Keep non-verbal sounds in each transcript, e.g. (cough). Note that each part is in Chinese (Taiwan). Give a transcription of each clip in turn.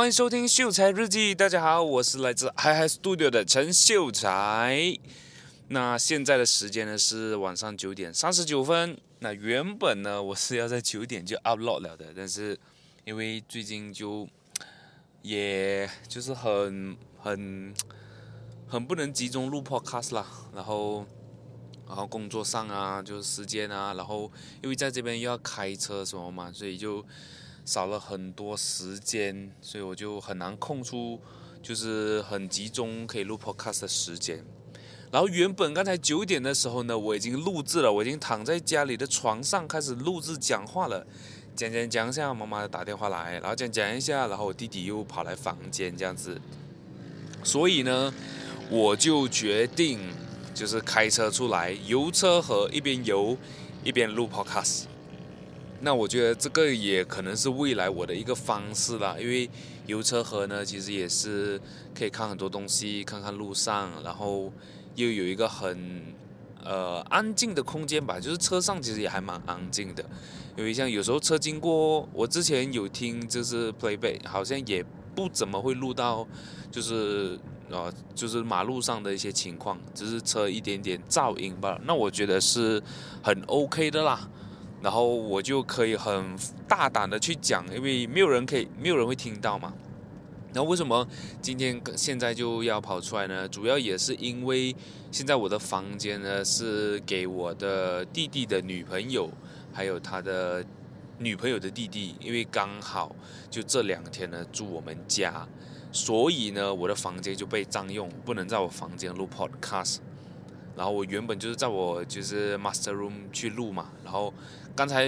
歡迎收聽《秀財日記》，大家好，我是來自嗨嗨 Studio 的陳秀財。那現在的時間呢是晚上九點三十九分。那原本呢我是要在九點就 upload 了的，但是因為最近就也就是很很很不能集中錄 podcast 啦，然後然後工作上啊，就是時間啊，然後因為在這邊又要開車什麼嘛，所以就。少了很多時間，所以我就很難空出，就是很集中可以錄 podcast 的時間。然後原本剛才九點的時候呢，我已經錄制了，我已經躺在家裡的床上開始錄制講話了，講講講一下，媽媽打電話來，然後講講一下，然後我弟弟又跑來房間這樣子，所以呢，我就決定就是開車出來，遊車河，一邊遊一邊錄 podcast。那我覺得這個也可能是未來我的一個方式啦，因為遊車河呢，其實也是可以看很多東西，看看路上，然後又有一個很呃安靜的空間吧。就是車上其實也還蠻安靜的，因為像有時候車經過，我之前有聽就是 Playback，好像也不怎麼會錄到，就是啊、呃，就是馬路上的一些情況，就是車一點點噪音吧。那我覺得是很 OK 的啦。然後我就可以很大膽的去講，因為沒有人可以，沒有人會聽到嘛。那為什麼今天現在就要跑出來呢？主要也是因為現在我的房間呢是給我的弟弟的女朋友，還有他的女朋友的弟弟，因為剛好就這兩天呢住我們家，所以呢我的房間就被占用，不能在我房間錄 podcast。然後我原本就是在我就是 master room 去錄嘛，然後。剛才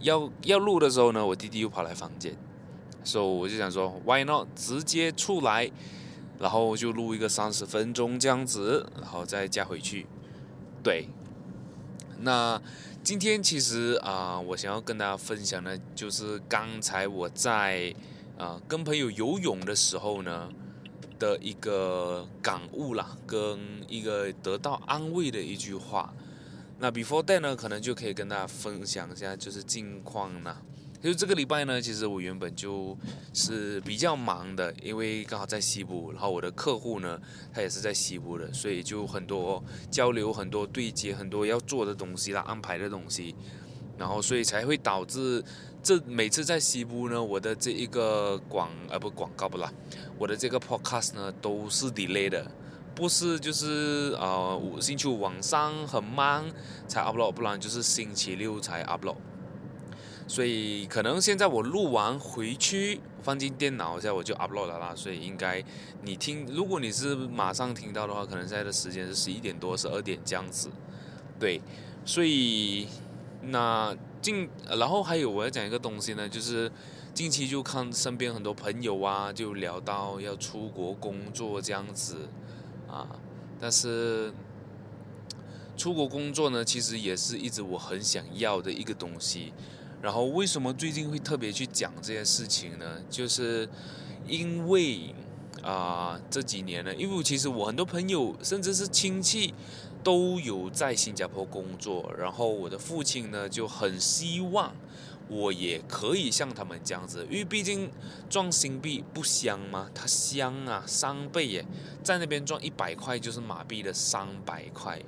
要要錄的時候呢，我弟弟又跑來房間，所、so, 以我就想說，Why not 直接出來，然後就錄一個三十分鐘這樣子，然後再加回去。對，那今天其實啊、呃，我想要跟大家分享的，就是剛才我在啊、呃、跟朋友游泳的時候呢的一個感悟啦，跟一個得到安慰的一句話。那 before then 呢，可能就可以跟大家分享一下，就是近況啦。就這個禮拜呢，其實我原本就是比較忙的，因為剛好在西部，然後我的客戶呢，他也是在西部的，所以就很多交流，很多對接，很多要做的東西啦、安排的東西，然後所以才會導致，這每次在西部呢，我的這一個廣啊、呃、不廣告不啦，我的這個 podcast 呢都是 delay 的。不是，就是呃，我星期五晚上很慢才 upload，不然就是星期六才 upload。所以可能現在我錄完回去，放進電腦，下，我就 upload 了啦。所以應該你聽，如果你是馬上聽到的話，可能現在的時間是十一點多、十二點這樣子。對，所以那近，然後還有我要講一個東西呢，就是近期就看身邊很多朋友啊，就聊到要出國工作這樣子。啊，但是出國工作呢，其實也是一直我很想要的一個東西。然後為什麼最近會特別去講這件事情呢？就是因為啊，這幾年呢，因為其實我很多朋友，甚至是親戚。都有在新加坡工作，然後我的父親呢，就很希望我也可以像他們這樣子，因為畢竟賺新幣不香嘛？它香啊，三倍耶，在那邊賺一百塊就是馬幣的三百塊，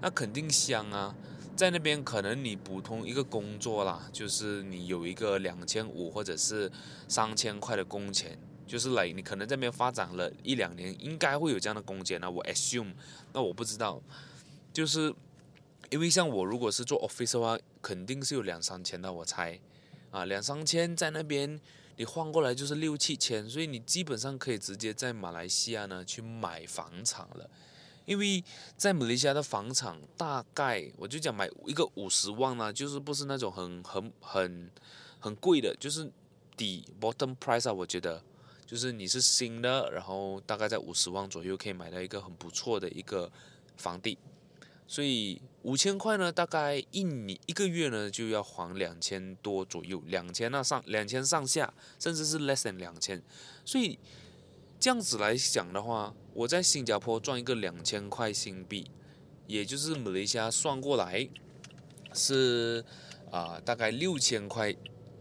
那肯定香啊。在那邊可能你普通一個工作啦，就是你有一個兩千五或者是三千塊的工錢，就是累，你可能在那邊發展了一兩年，應該會有這樣的工錢呢。我 assume，那我不知道。就是因為像我如果是做 office 的話，肯定是有兩三千的，我猜，啊，兩三千在那邊，你換過來就是六七千，所以你基本上可以直接在馬來西亞呢去買房產了，因為在馬來西亞的房產大概我就講買一個五十萬啊，就是不是那種很很很很貴的，就是底 bottom price 啊，我覺得就是你是新的，然後大概在五十萬左右可以買到一個很不錯的一個房地所以五千塊呢，大概一年一個月呢，就要還兩千多左右，兩千那上兩千上下，甚至是 less than 兩千。所以這樣子來講的話，我在新加坡賺一個兩千塊新幣，也就是馬來西亞算過來是啊、呃、大概六千塊，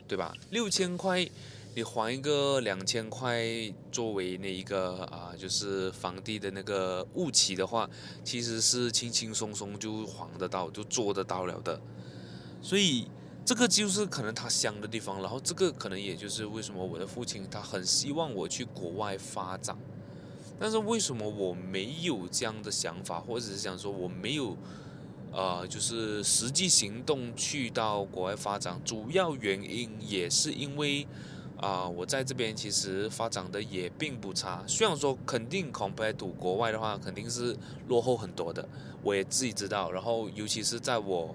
對吧？六千塊。你還一個兩千塊作為那一個啊，就是房地的那個物期的話，其實是輕輕鬆鬆就還得到就做得到了的。所以這個就是可能它香的地方，然後這個可能也就是為什麼我的父親他很希望我去國外發展，但是為什麼我沒有這樣的想法，或者是想說我沒有，呃，就是實際行動去到國外發展，主要原因也是因為。啊，我在這邊其實發展的也並不差，雖然說肯定 compared to 國外的話，肯定是落後很多的。我也自己知道。然後，尤其是在我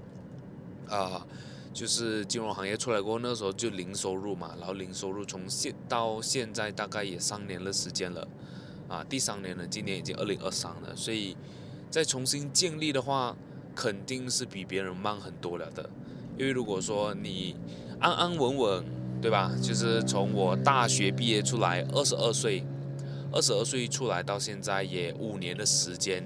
啊，就是金融行業出來過，那時候就零收入嘛，然後零收入從現到現在大概也三年的時間了，啊，第三年呢，今年已經二零二三了，所以再重新建立的話，肯定是比別人慢很多了的。因為如果說你安安穩穩。對吧？就是從我大學畢業出來，二十二歲，二十二歲出來到現在也五年的時間。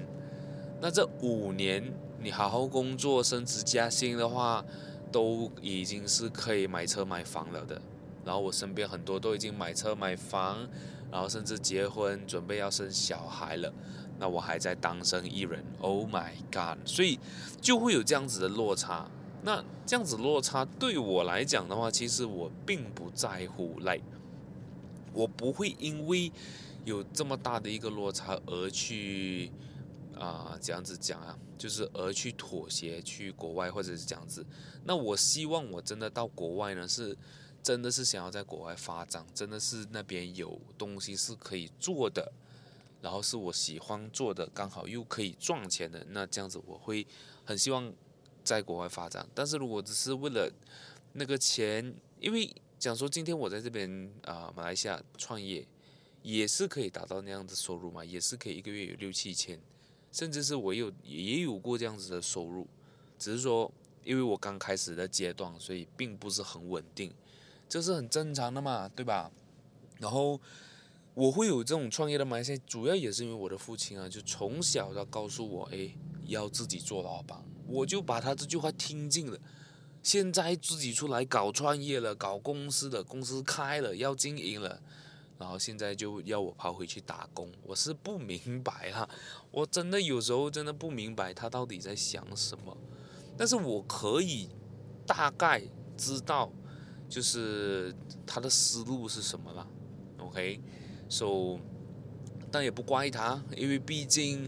那這五年你好好工作、升職加薪的話，都已經是可以買車買房了的。然後我身邊很多都已經買車買房，然後甚至結婚準備要生小孩了。那我還在單身一人，Oh my God！所以就會有這樣子的落差。那這樣子落差對我來講的話，其實我並不在乎，來，我不會因為有這麼大的一個落差而去，啊，這樣子講啊，就是而去妥協去國外或者是這樣子。那我希望我真的到國外呢，是真的是想要在國外發展，真的是那邊有東西是可以做的，然後是我喜歡做的，剛好又可以賺錢的。那這樣子我會很希望在國外發展，但是如果只是為了那個錢，因為講說今天我在這邊啊、呃，馬來西亞創業也是可以達到那樣子收入嘛，也是可以一個月有六七千，甚至是我也有也有過這樣子的收入，只是說因為我剛開始的階段，所以並不是很穩定，這是很正常的嘛，對吧？然後我會有這種創業的馬來西亞，主要也是因為我的父親啊，就從小要告訴我，誒，要自己做老板。我就把他這句話聽進了，現在自己出來搞創業了，搞公司的，公司開了要經營了，然後現在就要我跑回去打工，我是不明白哈，我真的有時候真的不明白他到底在想什麼，但是我可以大概知道，就是他的思路是什麼了，OK，so，okay? 但也不怪他，因為畢竟。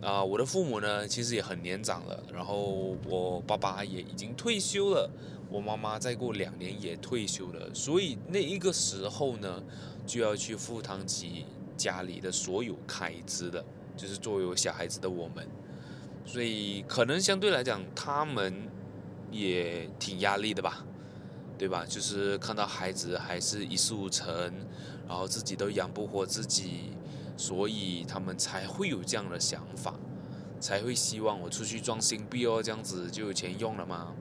啊，我的父母呢，其實也很年長了，然後我爸爸也已經退休了，我媽媽再過兩年也退休了，所以那一個時候呢，就要去負擔起家裡的所有開支了，就是作為我小孩子的我們，所以可能相對來講，他們也挺壓力的吧，對吧？就是看到孩子還是一事無成，然後自己都養不活自己。所以他們才會有這樣的想法，才會希望我出去賺新幣哦，這樣子就有錢用了嘛，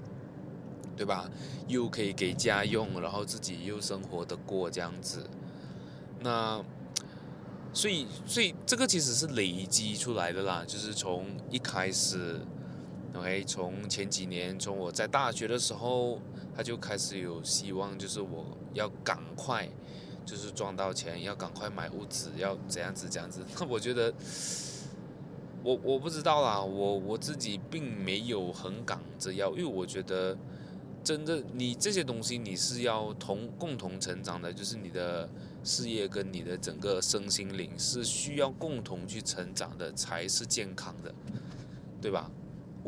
對吧？又可以給家用，然後自己又生活得過這樣子。那，所以所以這個其實是累積出來的啦，就是從一開始，OK，從前幾年，從我在大學的時候，他就開始有希望，就是我要趕快。就是賺到錢要趕快買物資，要怎樣子這樣子？那我覺得，我我不知道啦，我我自己並沒有很趕着要，因為我覺得，真的你這些東西你是要同共同成長的，就是你的事業跟你的整個身心靈是需要共同去成長的，才是健康的，對吧？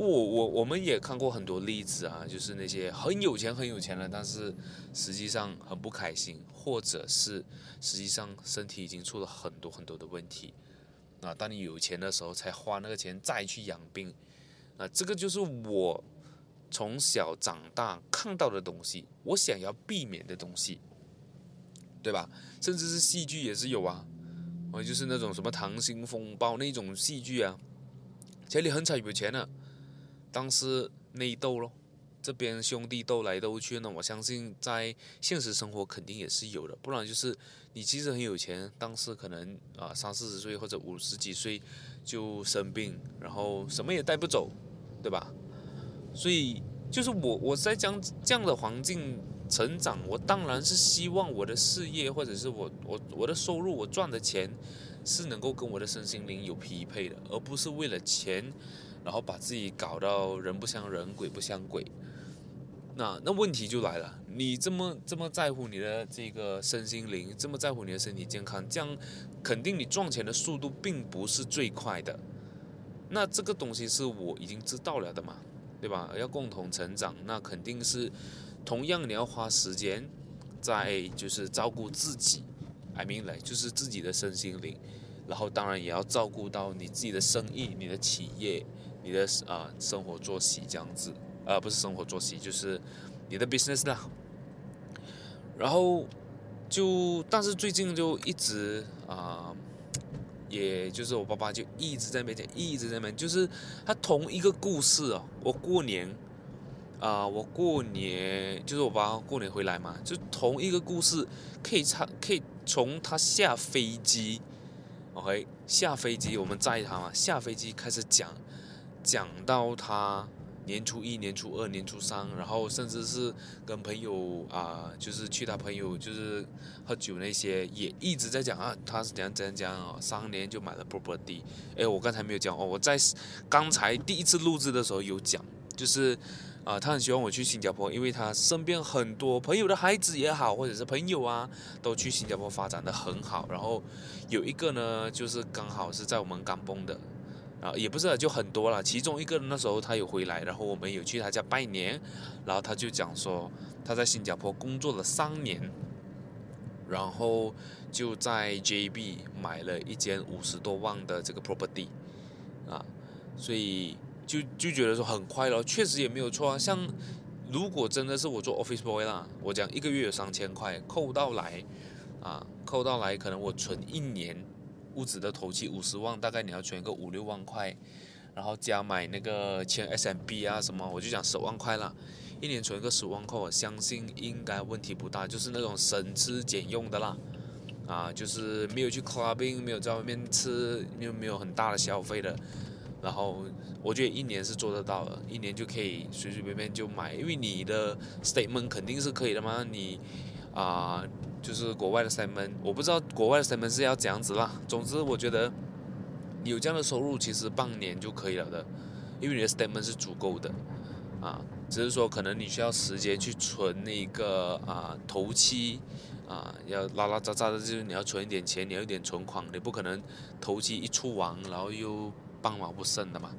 Oh, 我我我們也看過很多例子啊，就是那些很有錢很有錢的，但是實際上很不開心，或者是實際上身體已經出了很多很多的問題啊。當你有錢的時候，才花那個錢再去養病啊，這個就是我從小長大看到的東西，我想要避免的東西，對吧？甚至是戲劇也是有啊，我就是那種什麼《溏心風暴》那種戲劇啊，家裡很少有錢了。當時內鬥咯，這邊兄弟鬥來鬥去呢。我相信在現實生活肯定也是有的，不然就是你其實很有錢，但是可能啊三四十歲或者五十幾歲就生病，然後什麼也帶不走，對吧？所以就是我我在這樣這樣的環境成長，我當然是希望我的事業或者是我我我的收入我賺的錢是能夠跟我的身心靈有匹配的，而不是為了錢。然後把自己搞到人不像人，鬼不像鬼，那那問題就來了。你這麼這麼在乎你的這個身心靈，這麼在乎你的身體健康，這樣肯定你賺錢的速度並不是最快的。那這個東西是我已經知道了的嘛，對吧？要共同成長，那肯定是同樣你要花時間在就是照顧自己，I mean like，就是自己的身心靈，然後當然也要照顧到你自己的生意，你的企業。你的啊、呃、生活作息這樣子啊、呃、不是生活作息就是你的 business 啦。然後就但是最近就一直啊、呃，也就是我爸爸就一直在面前一直在面，就是他同一個故事哦、啊。我過年啊、呃、我過年就是我爸爸過年回來嘛，就同一個故事可以唱可以從他下飛機，OK 下飛機我們載他嘛、啊，下飛機開始講。講到他年初一、年初二、年初三，然後甚至是跟朋友啊、呃，就是去他朋友就是喝酒那些，也一直在講啊，他是怎樣怎樣怎樣哦，三年就買了 property。哎，我剛才沒有講哦，我在剛才第一次錄製的時候有講，就是啊、呃，他很希望我去新加坡，因為他身邊很多朋友的孩子也好，或者是朋友啊，都去新加坡發展得很好。然後有一個呢，就是剛好是在我們剛崩的。啊，也不是，就很多了。其中一個人那時候他有回來，然後我們有去他家拜年，然後他就講說他在新加坡工作了三年，然後就在 JB 買了一間五十多萬的這個 property，啊，所以就就覺得說很快了，確實也沒有錯啊。像如果真的是我做 office boy 啦，我講一個月有三千塊，扣到來，啊，扣到來可能我存一年。物質的投資五十萬，大概你要存個五六萬塊，然後加買那個千 SMB 啊什麼，我就講十萬塊了。一年存個十萬塊，我相信應該問題不大，就是那種省吃儉用的啦，啊，就是沒有去 clubbing，沒有在外面吃，又沒有很大的消費的，然後我覺得一年是做得到的，一年就可以隨隨便便就買，因為你的 statement 肯定是可以的嘛，你，啊。就是國外的 statement，我不知道國外的 statement 是要怎樣子啦。總之，我覺得有這樣的收入，其實半年就可以了的，因為你的 statement 是足夠的啊。只是說，可能你需要時間去存那個啊，頭期啊，要拉拉紮紮的，就是你要存一點錢，你要有一點存款，你不可能頭期一出完，然後又半毛不剩的嘛。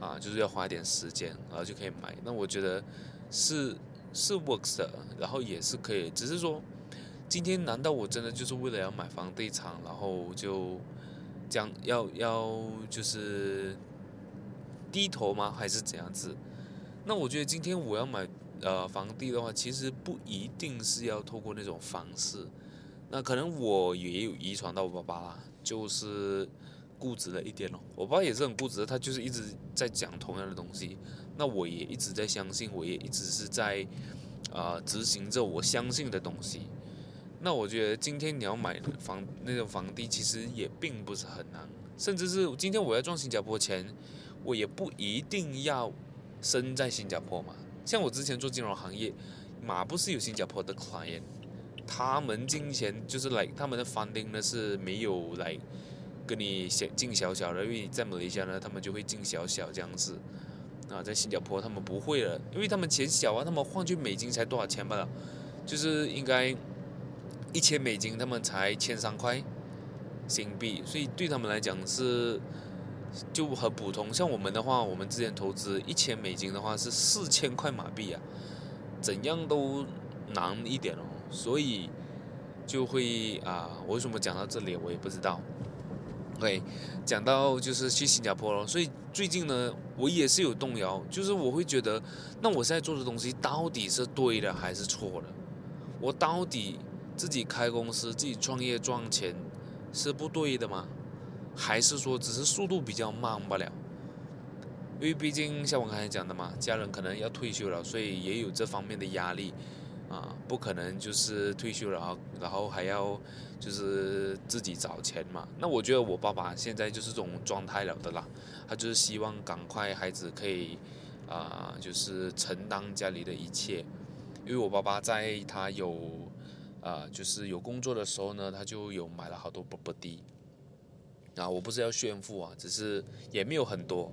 啊，就是要花一點時間，然後就可以買。那我覺得是是 works 的，然後也是可以，只是說。今天難道我真的就是為了要買房地產，然後就講要要就是低頭嗎？還是怎樣子？那我覺得今天我要買呃房地的話，其實不一定是要透過那種方式。那可能我也有遺傳到我爸爸啦，就是固執了一點哦，我爸也是很固執的，他就是一直在講同樣的東西。那我也一直在相信，我也一直是在啊、呃、執行着我相信的東西。那我覺得今天你要買房那種房地，其實也並不是很難。甚至是今天我要賺新加坡錢，我也不一定要生在新加坡嘛。像我之前做金融行業，馬不是有新加坡的 client，他們金錢就是來他們的 funding 呢，是沒有來跟你小進小小的，因為你在馬來西亞呢，他們就會進小小這樣子啊。那在新加坡他們不會了，因為他們錢小啊，他們換去美金才多少錢吧？就是應該。一千美金，他們才千三塊新幣，所以對他們來講是就很普通。像我們的話，我們之前投資一千美金的話是四千塊馬幣啊，怎樣都難一點哦。所以就會啊，我為什麼講到這裡我也不知道。對，講到就是去新加坡了。所以最近呢，我也是有動搖，就是我會覺得，那我現在做的東西到底是對的還是錯的？我到底？自己開公司、自己創業賺錢是不對的嘛？還是說只是速度比較慢罷了？因為畢竟像我剛才講的嘛，家人可能要退休了，所以也有這方面的壓力啊，不可能就是退休了然後還要就是自己找錢嘛。那我覺得我爸爸現在就是這種狀態了的啦，他就是希望趕快孩子可以啊，就是承擔家裡的一切，因為我爸爸在他有。啊、呃，就是有工作的時候呢，他就有買了好多 property。啊，我不是要炫富啊，只是也沒有很多，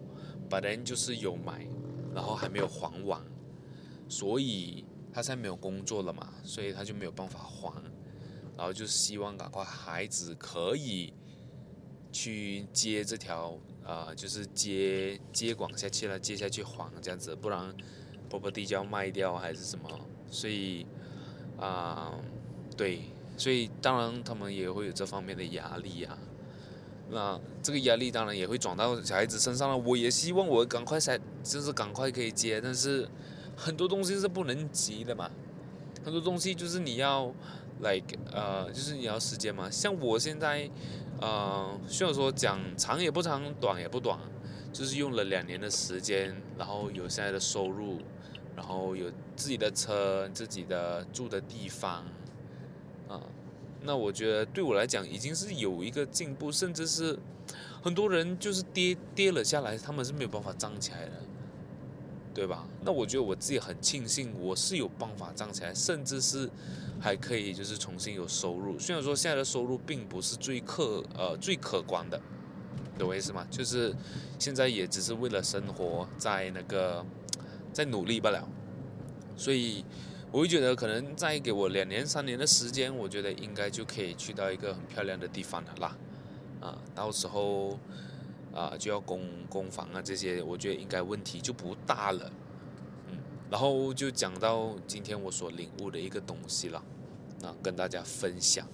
但就是有買，然後還沒有還完，所以他現在沒有工作了嘛，所以他就沒有辦法還，然後就希望趕快孩子可以去接這條啊、呃，就是接接管下去了，接下去還這樣子，不然 property 就要賣掉還是什麼，所以啊。呃對，所以當然他們也會有這方面的壓力啊。那這個壓力當然也會轉到小孩子身上了。我也希望我趕快才，就是趕快可以接，但是很多東西是不能急的嘛。很多東西就是你要來、like，呃，就是你要時間嘛。像我現在，呃，雖然說講長也不長，短也不短，就是用了兩年的時間，然後有現在的收入，然後有自己的車，自己的住的地方。啊，那我覺得對我來講已經是有一個進步，甚至是很多人就是跌跌了下來，他們是沒有辦法站起來的，對吧？那我覺得我自己很慶幸，我是有辦法站起來，甚至是還可以就是重新有收入，雖然說現在的收入並不是最可呃最可觀的，懂我意思嗎？就是現在也只是為了生活在那個在努力罷了，所以。我會覺得，可能再給我兩年，三年的時間，我覺得應該就可以去到一個很漂亮的地方了啦。啊，到時候啊，就要供供房啊，這些我覺得應該問題就不大了。嗯，然後就講到今天我所領悟的一個東西了，那、啊、跟大家分享。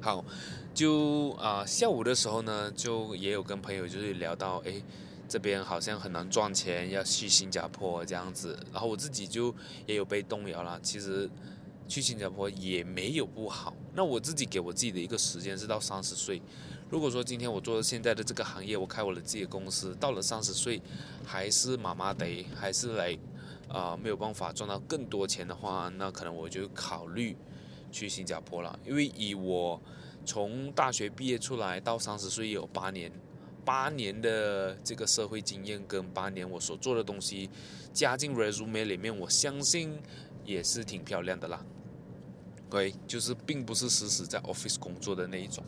好，就啊，下午的時候呢，就也有跟朋友就是聊到，哎。這邊好像很難賺錢，要去新加坡這樣子，然後我自己就也有被動搖了。其實去新加坡也沒有不好。那我自己給我自己的一個時間是到三十歲。如果說今天我做現在的這個行業，我開我的自己的公司，到了三十歲還是麻麻得，還是來啊、呃，沒有辦法賺到更多錢的話，那可能我就考慮去新加坡了。因為以我從大學畢業出來到三十歲有八年。八年的這個社會經驗跟八年我所做的東西加進 resume 裡面，我相信也是挺漂亮的啦。喂，就是並不是實實在在 office 工作的那一種。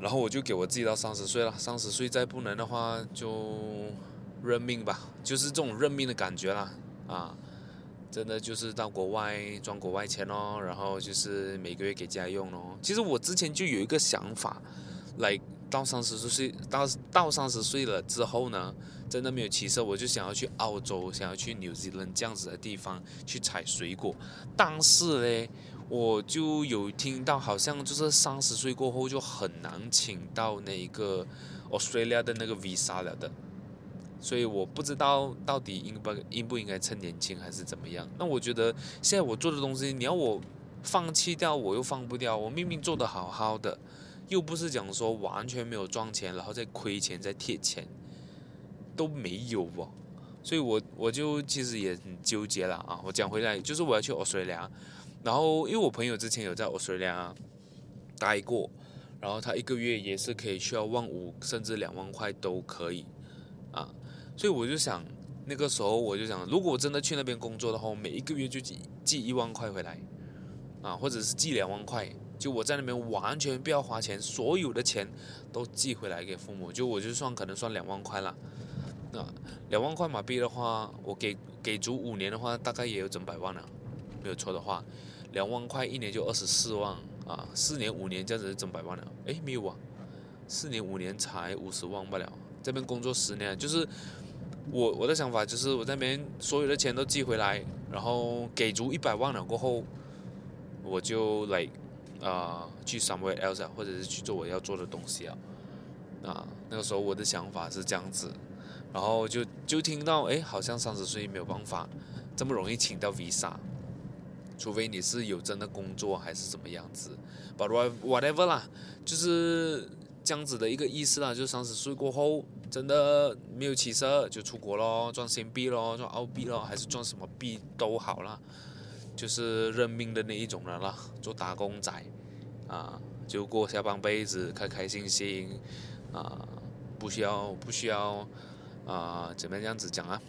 然後我就給我自己到三十歲了，三十歲再不能的話就認命吧，就是這種認命的感覺啦。啊，真的就是到國外賺國外錢哦，然後就是每個月給家用哦。其實我之前就有一個想法，來。到三十歲，到到三十歲了之後呢，真的沒有起色，我就想要去澳洲，想要去紐西蘭這樣子的地方去採水果。但是嘞，我就有聽到好像就是三十歲過後就很難請到那個 Australia 的那個 visa 了的，所以我不知道到底應不應不應該趁年輕還是怎麼樣？那我覺得現在我做的東西，你要我放棄掉，我又放不掉，我明明做得好好的。又不是講說完全沒有賺錢，然後再虧錢再貼錢，都沒有哦。所以我，我我就其實也很糾結了啊！我講回來，就是我要去澳大利亞，然後因為我朋友之前有在澳大利亞待過，然後他一個月也是可以需要萬五甚至兩萬塊都可以啊，所以我就想，那個時候我就想，如果我真的去那邊工作的話，每一個月就寄寄一萬塊回來啊，或者是寄兩萬塊。就我在那邊完全不要花錢，所有的錢都寄回來給父母。就我就算可能算兩萬塊了，那兩萬塊馬幣的話，我給給足五年的話，大概也有整百萬了，沒有錯的話，兩萬塊一年就二十四萬啊，四年五年這樣子就整百萬了。哎，沒有啊，四年五年才五十萬罷了。這邊工作十年，就是我我的想法就是我在那邊所有的錢都寄回來，然後給足一百萬了過後，我就來、like,。啊，uh，去 somewhere else，或者是去做我要做的東西啊。啊，uh，那個時候我的想法是這樣子，然後就就聽到，哎，好像三十歲沒有辦法這麼容易請到 visa，除非你是有真的工作還是怎麼樣子。But whatever 啦，就是這樣子的一個意思啦。就三十歲過後真的沒有起色，就出國咯，賺新幣咯，賺澳幣咯，還是賺什麼幣都好啦。就是認命的那一種人啦，做打工仔，啊，就過下半輩子開開心心，啊，不需要不需要，啊，怎麼這樣子講啊？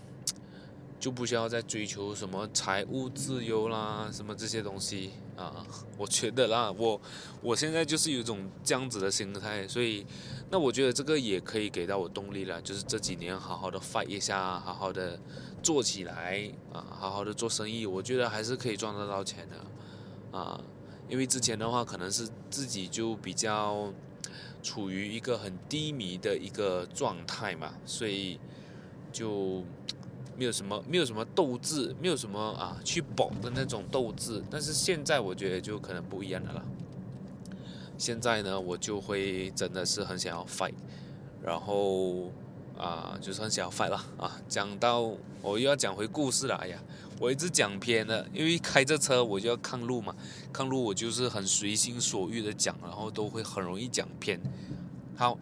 就不需要再追求什麼財務自由啦，什麼這些東西啊？我覺得啦，我我現在就是有種這樣子的心態，所以。那我覺得這個也可以給到我動力了，就是這幾年好好的 fight 一下，好好的做起來啊，好好的做生意，我覺得還是可以賺得到錢的啊。因為之前的話，可能是自己就比較處於一個很低迷的一個狀態嘛，所以就沒有什麼沒有什麼鬥志，沒有什麼啊去搏的那種鬥志。但是現在我覺得就可能不一樣的了啦。現在呢，我就會真的是很想要 fight，然後啊，就是很想要 fight 了啊。講到我又要講回故事了，哎呀，我一直講偏了，因為開着車我就要看路嘛，看路我就是很隨心所欲的講，然後都會很容易講偏。好，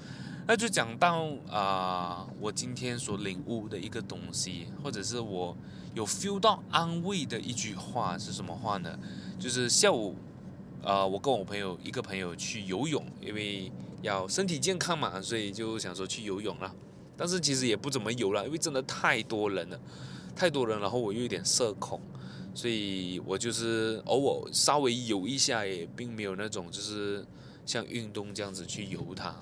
那就講到啊，我今天所領悟的一個東西，或者是我有 feel 到安慰的一句話是什麼話呢？就是下午。呃，我跟我朋友一個朋友去游泳，因為要身體健康嘛，所以就想說去游泳了。但是其實也不怎麼游了，因為真的太多人了，太多人，然後我又有點社恐，所以我就是偶爾稍微游一下，也並沒有那種就是像運動這樣子去游它。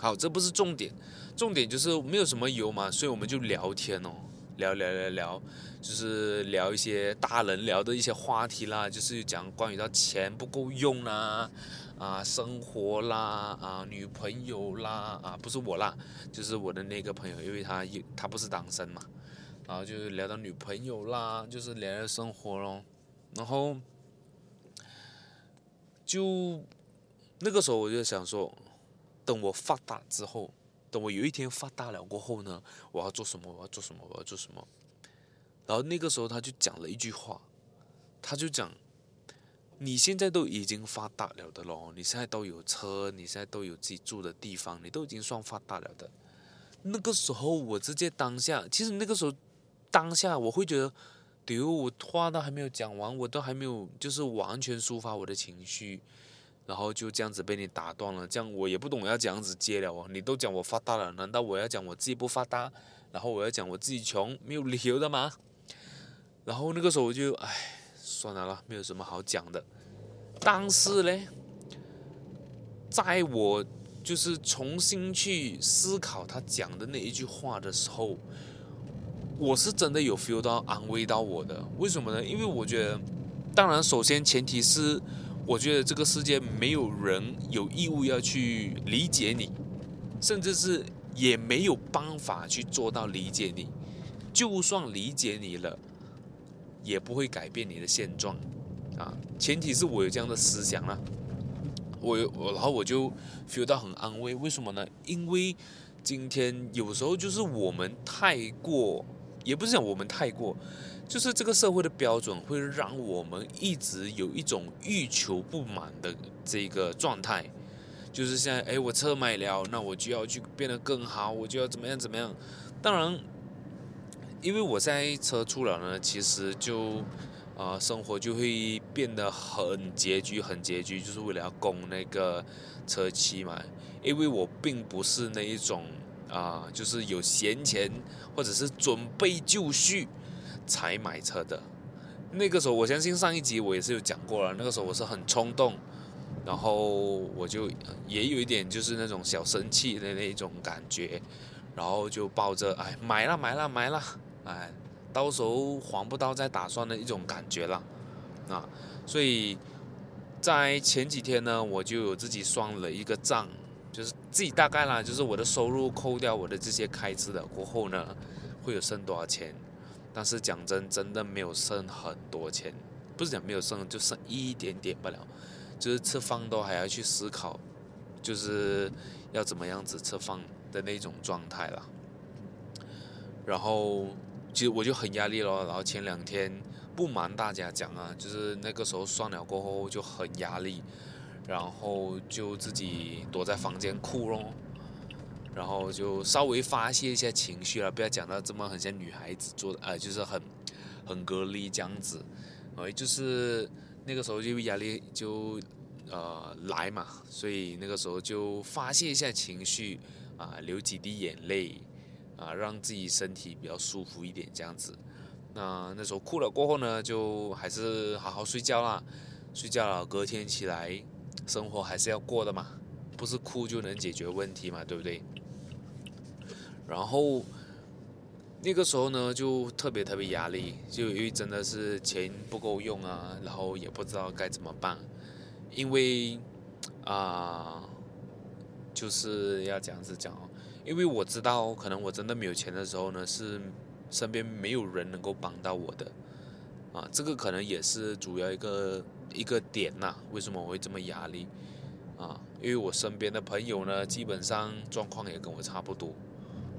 好，這不是重點，重點就是沒有什麼游嘛，所以我們就聊天哦。聊聊聊聊，就是聊一些大人聊的一些話題啦，就是講關於到錢不夠用啦，啊，啊，生活啦，啊，女朋友啦，啊，不是我啦，就是我的那個朋友，因為他他不是單身嘛，然、啊、後就是，聊到女朋友啦，就是聊聊生活嘍，然後就那個時候我就想說，等我發達之後。等我有一天發達了過後呢，我要做什麼？我要做什麼？我要做什麼？然後那個時候他就講了一句話，他就講，你現在都已經發達了的咯，你現在都有車，你現在都有自己住的地方，你都已經算發達了的。那個時候我直接當下，其實那個時候當下我會覺得，比如我話都還沒有講完，我都還沒有就是完全抒發我的情緒。然後就這樣子被你打斷了，這樣我也不懂我要這樣子接了哦。你都講我發達了，難道我要講我自己不發達？然後我要講我自己窮，沒有理由的嗎？然後那個時候我就唉，算了啦，沒有什麼好講的。但是呢，在我就是重新去思考他講的那一句話的時候，我是真的有 feel 到安慰到我的。為什麼呢？因為我覺得，當然，首先前提是。我覺得這個世界沒有人有義務要去理解你，甚至是也沒有辦法去做到理解你。就算理解你了，也不會改變你的現狀。啊，前提是我有這樣的思想了，啊，我我然後我就 feel 到很安慰。為什麼呢？因為今天有時候就是我們太過，也不是講我們太過。就是這個社會的標準會讓我們一直有一種欲求不滿的這個狀態，就是現在，哎，我車買了，那我就要去變得更好，我就要怎麼樣怎麼樣。當然，因為我現在車出了呢，其實就啊、呃，生活就會變得很拮據，很拮據，就是為了要供那個車期嘛。因為我並不是那一種啊、呃，就是有閒錢或者是準備就緒。才買車的那個時候，我相信上一集我也是有講過了。那個時候我是很衝動，然後我就也有一點就是那種小生氣的那種感覺，然後就抱着哎買了買了買了，哎到時候還不到再打算的一種感覺了。啊，所以在前幾天呢，我就有自己算了一個賬，就是自己大概啦，就是我的收入扣掉我的這些開支了過後呢，會有剩多少錢。但是講真，真的沒有剩很多錢，不是講沒有剩，就剩一點點不了，就是吃飯都還要去思考，就是要怎麼樣子吃飯的那種狀態了。然後其實我就很壓力咯，然後前兩天不瞞大家講啊，就是那個時候算了過後就很壓力，然後就自己躲在房間哭咯。然後就稍微發洩一下情緒了，不要講到這麼很像女孩子做的，啊、呃，就是很，很隔離這樣子。呃，就是那個時候就壓力就，呃，來嘛，所以那個時候就發洩一下情緒，啊、呃，流幾滴眼淚，啊、呃，讓自己身體比較舒服一點這樣子。那那時候哭了過後呢，就還是好好睡覺啦，睡覺了隔天起來，生活還是要過的嘛，不是哭就能解決問題嘛，對不對？然後那個時候呢，就特別特別壓力，就因為真的是錢不夠用啊，然後也不知道該怎麼辦，因為啊，就是要這樣子講，因為我知道可能我真的沒有錢的時候呢，是身邊沒有人能夠幫到我的，啊，這個可能也是主要一個一個點吶，啊，為什麼我會這麼壓力啊？因為我身邊的朋友呢，基本上狀況也跟我差不多。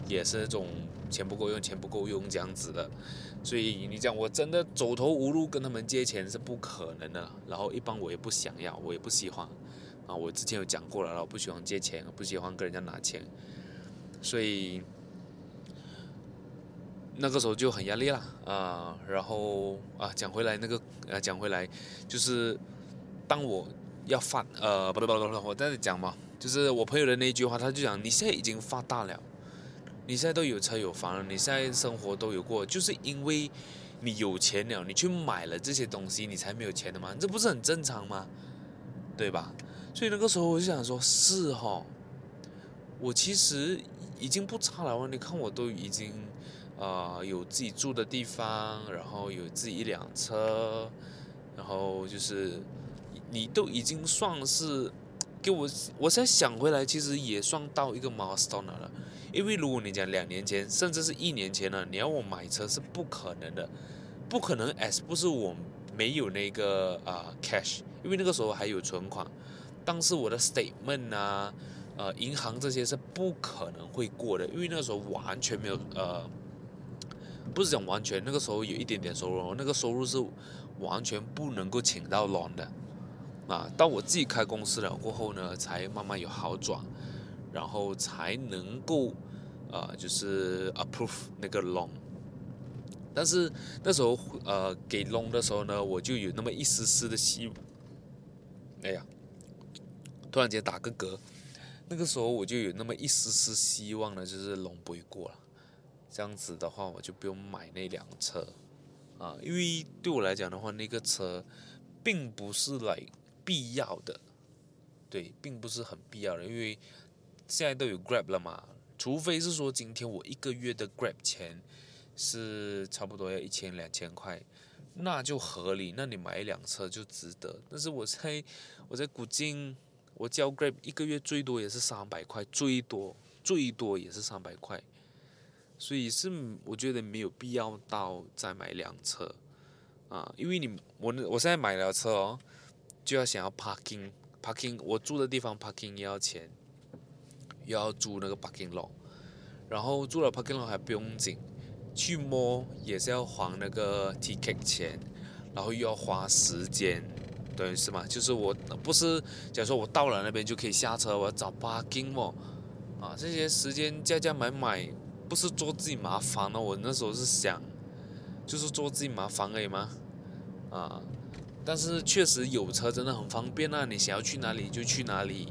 也是那種錢不夠用，錢不夠用這樣子的，所以你講我真的走投無路，跟他們借錢是不可能的。然後一般我也不想要，我也不喜歡啊。我之前有講過了，我不喜歡借錢，不喜歡跟人家拿錢，所以那個時候就很壓力了啊，呃。然後啊，講回來那個呃、啊，講回來就是，當我要發呃，不不不不，我再講嘛，就是我朋友的那句話，他就講你現在已經發大了。你現在都有車有房了，你現在生活都有過，就是因為你有錢了，你去買了這些東西，你才沒有錢的嗎？這不是很正常嗎？對吧？所以那個時候我就想說，是哦，我其實已經不差了。你看我都已經，呃，有自己住的地方，然後有自己一輛車，然後就是你都已經算是。給我，我現在想回來，其實也算到一個 milestone 了。因為如果你講兩年前，甚至是一年前呢，你要我買車是不可能的，不可能。哎，不是我沒有那個啊、呃、cash，因為那個時候還有存款，但是我的 statement 啊，呃，銀行這些是不可能會過的，因為那個時候完全沒有、嗯，呃，不是講完全，那個時候有一點點收入，那個收入是完全不能夠請到 loan 的。啊，到我自己開公司了過後呢，才慢慢有好轉，然後才能夠，啊、呃、就是 approve 那個 loan。但是那時候，呃，給 loan 的時候呢，我就有那麼一絲絲的希望，哎呀，突然間打個嗝，那個時候我就有那麼一絲絲希望呢，就是 loan 不會過了，這樣子的話我就不用買那輛車，啊，因為對我來講的話，那個車並不是來。必要的，對，並不是很必要的，因為現在都有 Grab 了嘛，除非是說今天我一個月的 Grab 錢是差不多要一千兩千塊，那就合理，那你買一輛車就值得。但是我猜我在古晉，我交 Grab 一個月最多也是三百塊，最多最多也是三百塊，所以是我覺得沒有必要到再買輛車啊，因為你我我現在買了車哦。就要想要 parking parking，我住的地方 parking 也要錢，又要租那個 parking lot，然後住了 parking lot 還不用緊，去摸也是要還那個 ticket 錢，然後又要花時間，等於是嘛，就是我不是假如說我到了那邊就可以下車，我要找 parking 喔、哦，啊，這些時間加加買買，不是做自己麻煩了，哦？我那時候是想，就是做自己麻煩而已嘛，啊。但是確實有車真的很方便啊，你想要去哪裡就去哪裡，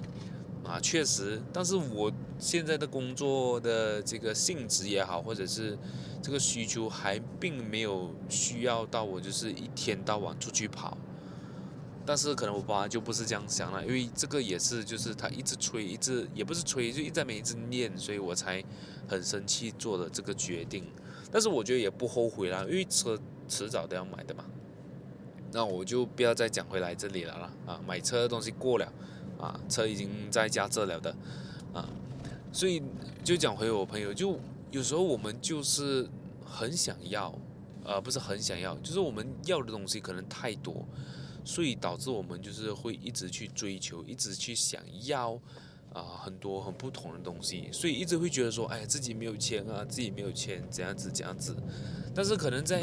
啊，確實。但是我現在的工作的這個性質也好，或者是這個需求還並沒有需要到我就是一天到晚出去跑。但是可能我爸就不是這樣想了，因為這個也是就是他一直催，一直也不是催，就一直沒一直念，所以我才很生氣做了這個決定。但是我覺得也不後悔啦，因為車遲早都要買的嘛。那我就不要再講回來這裡了啦。啊！買車的東西過了，啊，車已經在家這了的，啊，所以就講回我朋友，就有時候我們就是很想要，呃，不是很想要，就是我們要的東西可能太多，所以導致我們就是會一直去追求，一直去想要。啊，很多很不同的東西，所以一直會覺得說，哎，自己沒有錢啊，自己沒有錢，怎樣子怎樣子。但是可能在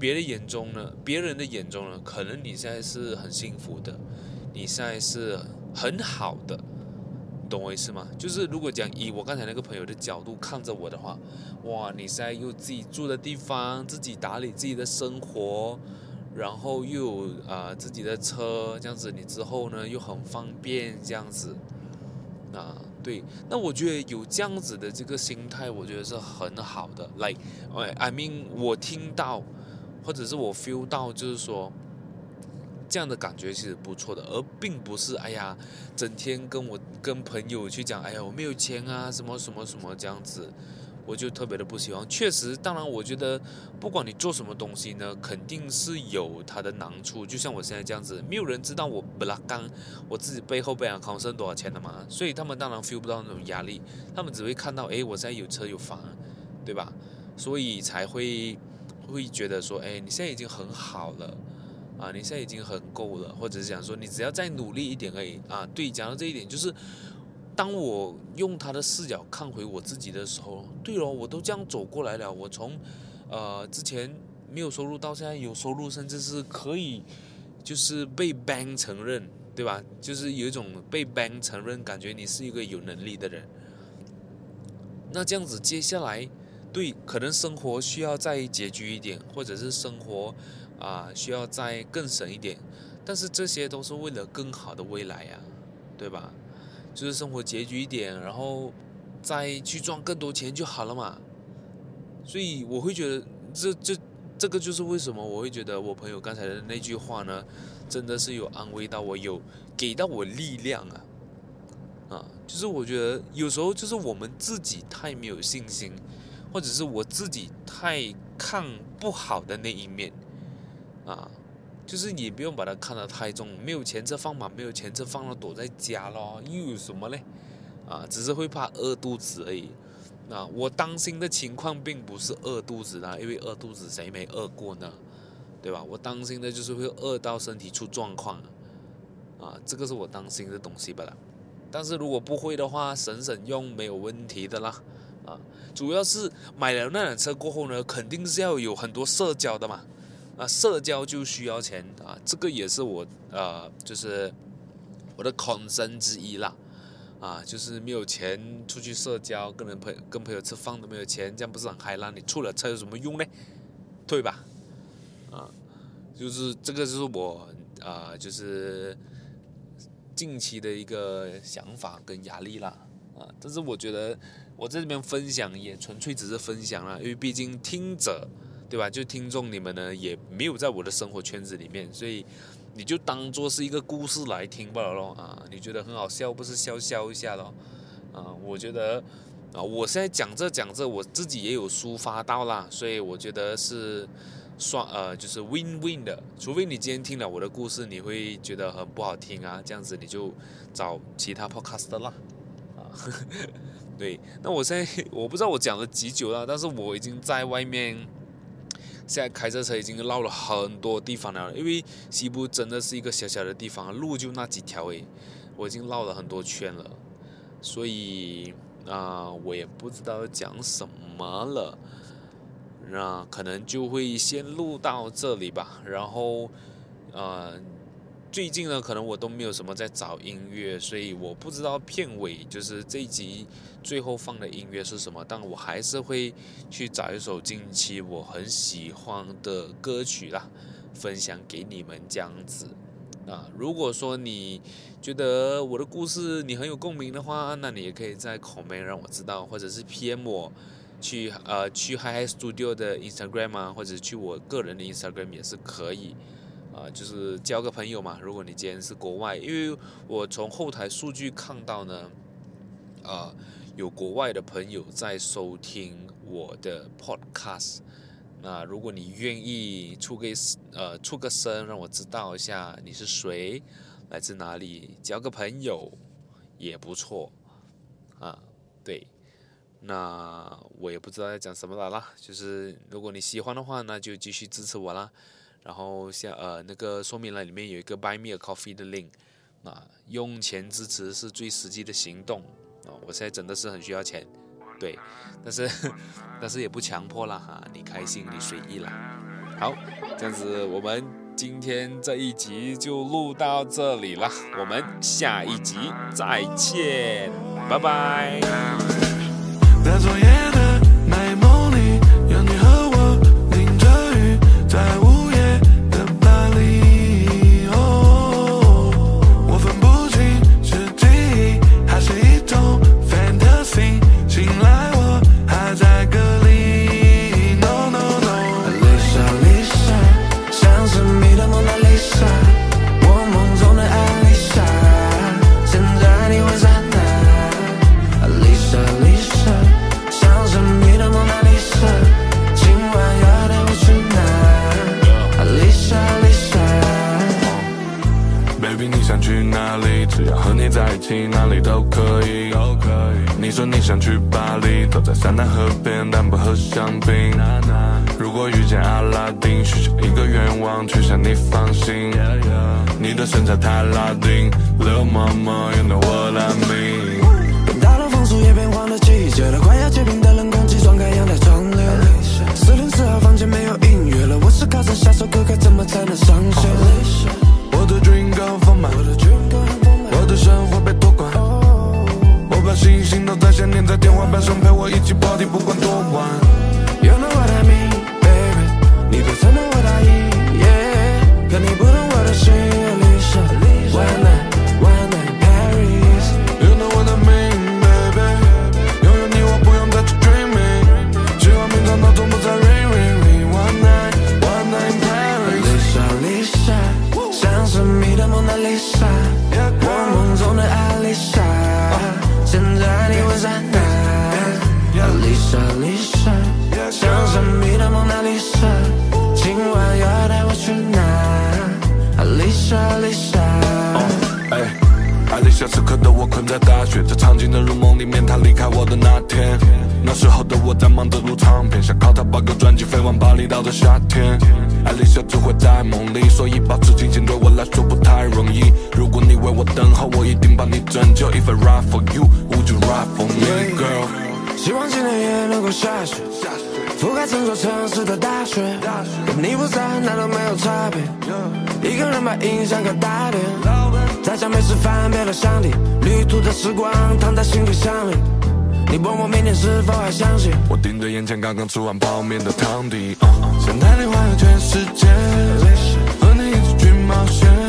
別人眼中呢，別人的眼中呢，可能你現在是很幸福的，你現在是很好的，懂我意思嗎？就是如果講以我剛才那個朋友的角度看着我的話，哇，你現在有自己住的地方，自己打理自己的生活，然後又有啊、呃、自己的車，這樣子，你之後呢又很方便，這樣子。啊，對，那我覺得有這樣子的這個心態，我覺得是很好的。來，哎，I mean，我聽到或者是我 feel 到，就是說，這樣的感覺其實不錯的，而並不是哎呀，整天跟我跟朋友去講，哎呀，我沒有錢啊，什麼什麼什麼這樣子。我就特別的不喜歡，確實，當然，我覺得不管你做什麼東西呢，肯定是有它的難處。就像我現在這樣子，沒有人知道我布拉剛，我自己背後背啊扛剩多少錢的嘛，所以他們當然 feel 不到那種壓力，他們只會看到，哎，我現在有車有房，對吧？所以才會會覺得說，哎，你現在已經很好了，啊，你現在已經很夠了，或者是想說你只要再努力一點而已，啊，對，講到這一點就是。當我用他的視角看回我自己的時候，對嘍、哦，我都這樣走過來了。我從，呃，之前沒有收入到現在有收入，甚至是可以，就是被別人承認，對吧？就是有一種被別人承認，感覺你是一個有能力的人。那這樣子，接下來，對，可能生活需要再拮據一點，或者是生活，啊、呃，需要再更省一點。但是這些都是為了更好的未來呀、啊，對吧？就是生活拮據一點，然後再去賺更多錢就好了嘛。所以我會覺得這，這這這個就是為什麼我會覺得我朋友剛才的那句話呢，真的是有安慰到我有，有給到我力量啊。啊，就是我覺得有時候就是我們自己太沒有信心，或者是我自己太看不好的那一面啊。就是也不用把它看得太重，沒有錢就放嘛，沒有錢就放了躲在家咯，又有什麼嘞？啊，只是會怕餓肚子而已。那、啊、我擔心的情況並不是餓肚子啦，因為餓肚子誰沒餓過呢？對吧？我擔心的就是會餓到身體出狀況。啊，這個是我擔心的東西吧啦。但是如果不會的話，省省用沒有問題的啦。啊，主要是買了那輛車過後呢，肯定是要有很多社交的嘛。啊，社交就需要錢啊，這個也是我啊，就是我的 concern 之一啦，啊，就是沒有錢出去社交，跟人朋跟朋友吃飯都沒有錢，這樣不是很嗨啦？你出了車有什麼用呢？對吧？啊，就是這個就是我啊，就是近期的一個想法跟壓力啦，啊，但是我覺得我這裡面分享也純粹只是分享了，因為畢竟聽者。對吧？就聽眾你們呢，也沒有在我的生活圈子裡面，所以你就當做是一個故事來聽罷了咯啊，你覺得很好笑，不是笑笑一下咯。啊，我覺得啊，我現在講著講著，我自己也有抒發到啦，所以我覺得是算呃，就是 win win 的。除非你今天聽了我的故事，你會覺得很不好聽啊，這樣子你就找其他 podcast 的啦。啊。 (laughs) 對，那我現在我不知道我講了幾久了，但是我已經在外面。現在開着車,車已經繞了很多地方了，因為西部真的是一個小小的地方，路就那幾條誒，我已經繞了很多圈了，所以啊、呃，我也不知道講什麼了，那、呃、可能就會先錄到這裡吧，然後，啊、呃。最近呢，可能我都沒有什麼在找音樂，所以我不知道片尾就是這一集最後放的音樂是什麼。但我還是會去找一首近期我很喜歡的歌曲啦，分享給你們這樣子啊。如果說你覺得我的故事你很有共鳴的話，那你也可以在 comment 讓我知道，或者是 PM 我去呃去 Hyhy Studio 的 Instagram 啊，或者去我個人的 Instagram 也是可以。啊、呃，就是交個朋友嘛。如果你今天是國外，因為我從後台數據看到呢，啊、呃，有國外的朋友在收聽我的 Podcast。那如果你願意出個呃出個聲，讓我知道一下你是誰，來自哪裡，交個朋友也不錯啊。對，那我也不知道要講什麼了啦。就是如果你喜歡的話，那就繼續支持我啦。然後像呃那個說明欄裡面有一個 buy me a coffee 的 link，啊，用錢支持是最實際的行動啊，我現在真的是很需要錢，對，但是但是也不強迫了哈、啊，你開心你隨意啦。好，這樣子我們今天這一集就錄到這裡了，我們下一集再見，拜拜。 (music) 音響開大點。在家沒事翻遍了箱底。旅途的時光，躺在行李箱裡。你問我明天是否還相信？我盯着眼前剛剛吃完泡麵的湯底，剛剛湯底嗯嗯、想帶你環遊全世界，和你一起去冒險。